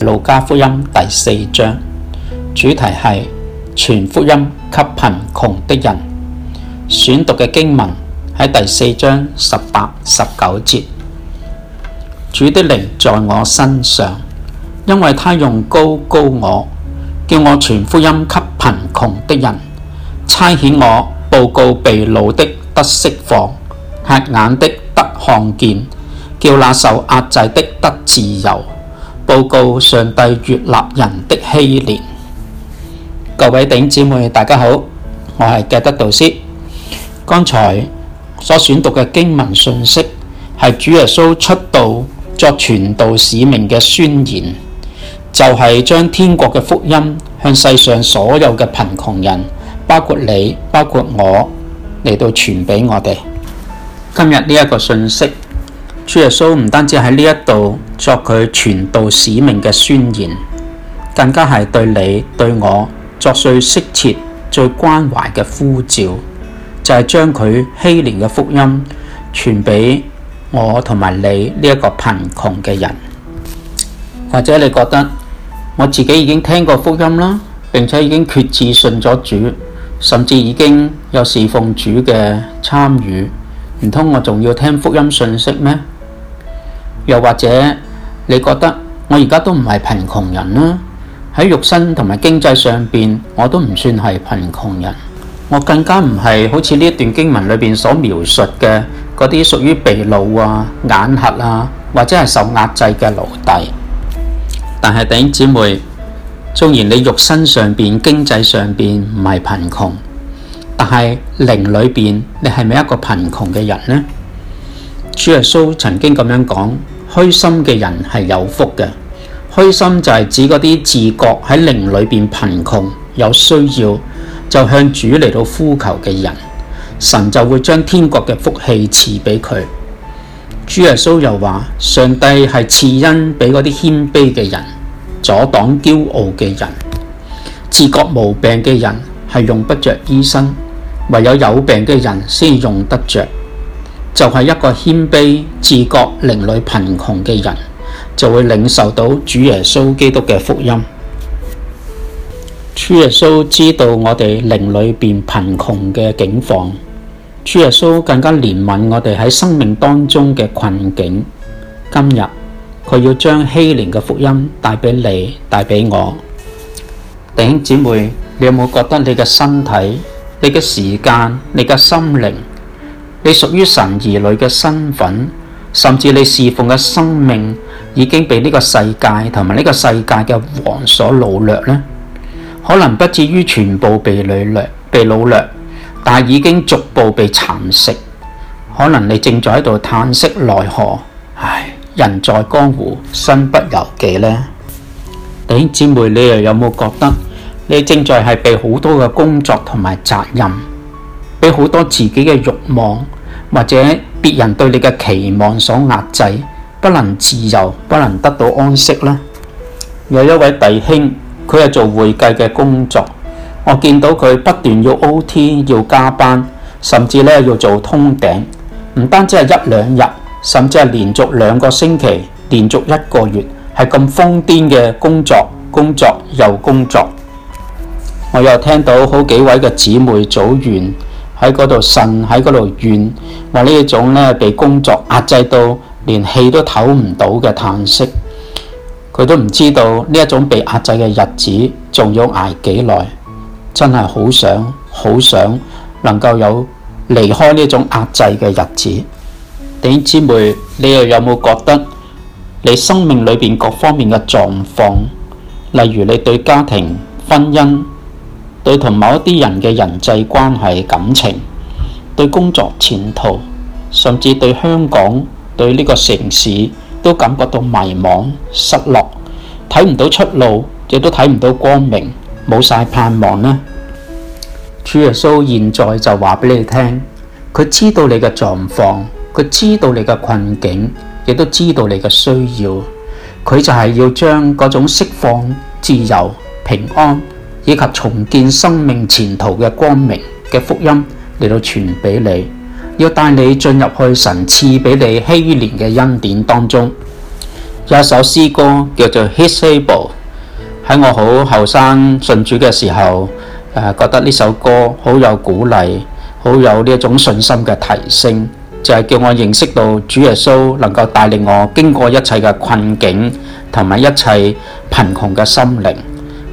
路加福音第四章主題係傳福音給貧窮的人。選讀嘅經文喺第四章十八、十九節。主的靈在我身上，因為他用高高我，叫我傳福音給貧窮的人，差遣我報告被擄的得釋放，瞎眼的得看見，叫那受壓制的得自由。報告上帝悅納人的禧年，各位弟兄姐妹大家好，我係吉德導師。剛才所選讀嘅經文信息，係主耶穌出道作傳道使命嘅宣言，就係、是、將天國嘅福音向世上所有嘅貧窮人，包括你，包括我，嚟到傳俾我哋。今日呢一個信息，主耶穌唔單止喺呢一度。作佢傳道使命嘅宣言，更加係對你對我作最深切、最關懷嘅呼召，就係、是、將佢禧年嘅福音傳俾我同埋你呢一、這個貧窮嘅人。或者你覺得我自己已經聽過福音啦，並且已經決志信咗主，甚至已經有侍奉主嘅參與，唔通我仲要聽福音信息咩？又或者？你覺得我而家都唔係貧窮人啦，喺肉身同埋經濟上邊我都唔算係貧窮人，我更加唔係好似呢一段經文裏邊所描述嘅嗰啲屬於被擄啊、眼瞎啊，或者係受壓制嘅奴隸。但係弟兄姊妹，縱然你肉身上邊、經濟上邊唔係貧窮，但係靈裏邊你係咪一個貧窮嘅人呢？主耶穌曾經咁樣講。虛心嘅人係有福嘅，虛心就係指嗰啲自覺喺靈裏邊貧窮有需要，就向主嚟到呼求嘅人，神就會將天國嘅福氣賜俾佢。主耶穌又話：上帝係賜恩俾嗰啲謙卑嘅人，阻擋驕傲嘅人，自覺無病嘅人係用不着醫生，唯有有病嘅人先用得着。就係一個謙卑、自覺、靈裡貧窮嘅人，就會領受到主耶穌基督嘅福音。主耶穌知道我哋靈裡邊貧窮嘅境況，主耶穌更加憐憫我哋喺生命當中嘅困境。今日佢要將欺凌嘅福音帶俾你，帶俾我。弟兄姊妹，你有冇覺得你嘅身體、你嘅時間、你嘅心靈？你屬於神兒女嘅身份，甚至你侍奉嘅生命，已經被呢個世界同埋呢個世界嘅王所擄掠咧。可能不至於全部被擄掠，被擄掠，但係已經逐步被蠶食。可能你正在喺度嘆息奈何，唉，人在江湖身不由己咧。弟兄姊妹，你又有冇覺得你正在係被好多嘅工作同埋責任，俾好多自己嘅欲望，或者別人對你嘅期望所壓制，不能自由，不能得到安息呢。有一位弟兄，佢係做會計嘅工作，我見到佢不斷要 OT，要加班，甚至呢要做通頂，唔單止係一兩日，甚至係連續兩個星期，連續一個月，係咁瘋癲嘅工作，工作又工作。我又聽到好幾位嘅姊妹組員，喺嗰度呻，喺嗰度怨，或呢一種咧被工作壓制到連氣都唞唔到嘅嘆息，佢都唔知道呢一種被壓制嘅日子仲要挨幾耐，真係好想好想能夠有離開呢種壓制嘅日子。弟兄姊妹，你又有冇覺得你生命裏邊各方面嘅狀況，例如你對家庭、婚姻，對同某一啲人嘅人際關係、感情，對工作前途，甚至對香港、對呢個城市，都感覺到迷茫、失落，睇唔到出路，亦都睇唔到光明，冇晒盼望呢？啊，主耶穌現在就話俾你聽，佢知道你嘅狀況，佢知道你嘅困境，亦都知道你嘅需要，佢就係要將嗰種釋放、自由、平安。以及重建生命前途嘅光明嘅福音嚟到傳俾你，要帶你進入去神賜俾你禧年嘅恩典當中。有一首詩歌叫做《His Able》，喺我好後生信主嘅時候，誒覺得呢首歌好有鼓勵，好有呢一種信心嘅提升，就係叫我認識到主耶穌能夠帶領我經過一切嘅困境同埋一切貧窮嘅心靈。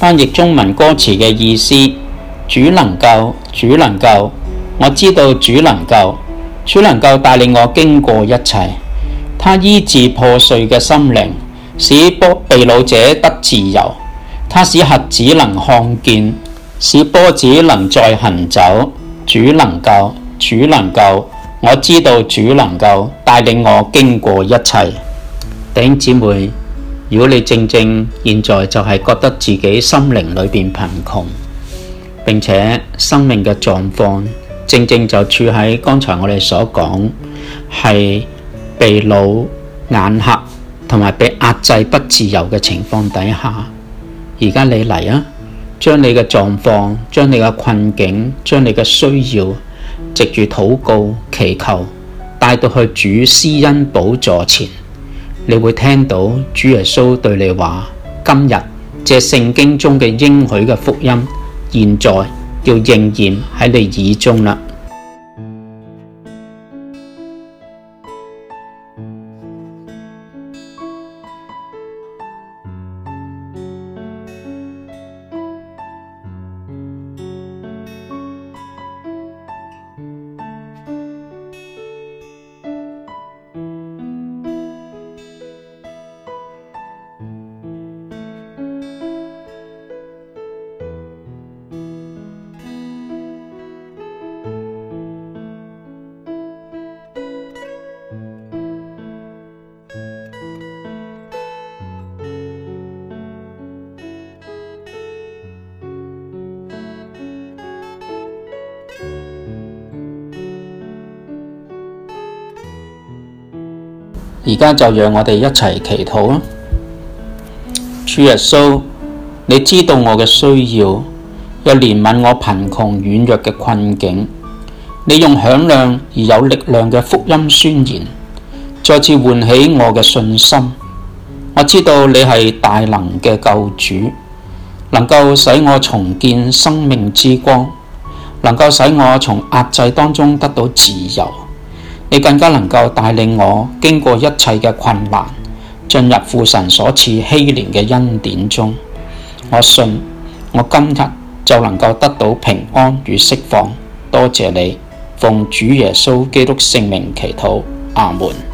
翻譯中文歌詞嘅意思，主能夠，主能夠，我知道主能夠，主能夠帶領我經過一切。他醫治破碎嘅心靈，使波被擄者得自由。他使瞎子能看見，使瘸子能再行走主。主能夠，主能夠，我知道主能夠帶領我經過一切。弟兄姊妹。如果你正正現在就係覺得自己心靈裏邊貧窮，並且生命嘅狀況正正就處喺剛才我哋所講，係被擄眼瞎同埋被壓制不自由嘅情況底下，而家你嚟啊，將你嘅狀況，將你嘅困境，將你嘅需要，藉住禱告祈求，帶到去主施恩寶座前。你會聽到主耶穌對你話：今日，這聖經中嘅應許嘅福音，現在要應驗喺你耳中啦。而家就讓我哋一齊祈禱啦，主耶穌，你知道我嘅需要，又憐憫我貧窮軟弱嘅困境。你用響亮而有力量嘅福音宣言，再次喚起我嘅信心。我知道你係大能嘅救主，能夠使我重建生命之光，能夠使我從壓制當中得到自由。你更加能夠帶領我經過一切嘅困難，進入父神所賜禧年嘅恩典中。我信我今日就能夠得到平安與釋放。多謝你，奉主耶穌基督聖名祈禱，阿門。